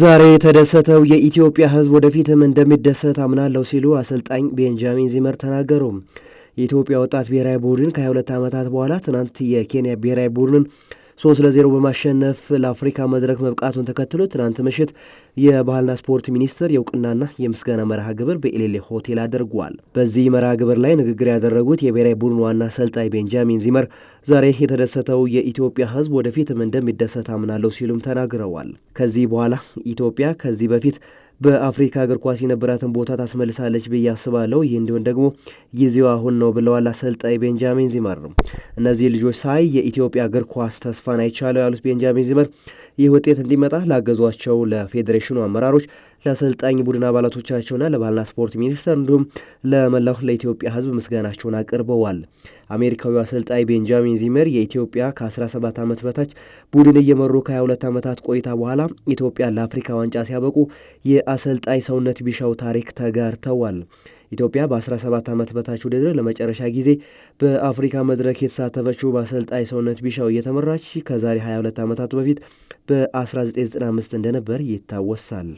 ዛሬ የተደሰተው የኢትዮጵያ ሕዝብ ወደፊትም እንደሚደሰት አምናለሁ ሲሉ አሰልጣኝ ቤንጃሚን ዚመር ተናገሩ። የኢትዮጵያ ወጣት ብሔራዊ ቡድን ከ22 ዓመታት በኋላ ትናንት የኬንያ ብሔራዊ ቡድንን ሶስት ለዜሮ በማሸነፍ ለአፍሪካ መድረክ መብቃቱን ተከትሎ ትናንት ምሽት የባህልና ስፖርት ሚኒስቴር የእውቅናና የምስጋና መርሃ ግብር በኤሌሌ ሆቴል አድርጓል። በዚህ መርሃ ግብር ላይ ንግግር ያደረጉት የብሔራዊ ቡድን ዋና አሰልጣኝ ቤንጃሚን ዚመር ዛሬ የተደሰተው የኢትዮጵያ ሕዝብ ወደፊትም እንደሚደሰት አምናለሁ ሲሉም ተናግረዋል። ከዚህ በኋላ ኢትዮጵያ ከዚህ በፊት በአፍሪካ እግር ኳስ የነበራትን ቦታ ታስመልሳለች ብዬ አስባለሁ። ይህ እንዲሆን ደግሞ ጊዜው አሁን ነው ብለዋል አሰልጣኝ ቤንጃሚን ዚመር። እነዚህ ልጆች ሳይ የኢትዮጵያ እግር ኳስ ተስፋን አይቻለው ያሉት ቤንጃሚን ዚመር ይህ ውጤት እንዲመጣ ላገዟቸው ለፌዴሬሽኑ አመራሮች ለአሰልጣኝ ቡድን አባላቶቻቸውና ለባህልና ስፖርት ሚኒስተር እንዲሁም ለመላው ለኢትዮጵያ ሕዝብ ምስጋናቸውን አቅርበዋል። አሜሪካዊ አሰልጣኝ ቤንጃሚን ዚመር የኢትዮጵያ ከ17 ዓመት በታች ቡድን እየመሩ ከ22 ዓመታት ቆይታ በኋላ ኢትዮጵያ ለአፍሪካ ዋንጫ ሲያበቁ የአሰልጣኝ ሰውነት ቢሻው ታሪክ ተጋርተዋል። ኢትዮጵያ በ17 ዓመት በታች ውድድር ለመጨረሻ ጊዜ በአፍሪካ መድረክ የተሳተፈችው በአሰልጣኝ ሰውነት ቢሻው እየተመራች ከዛሬ 22 ዓመታት በፊት በ1995 እንደነበር ይታወሳል።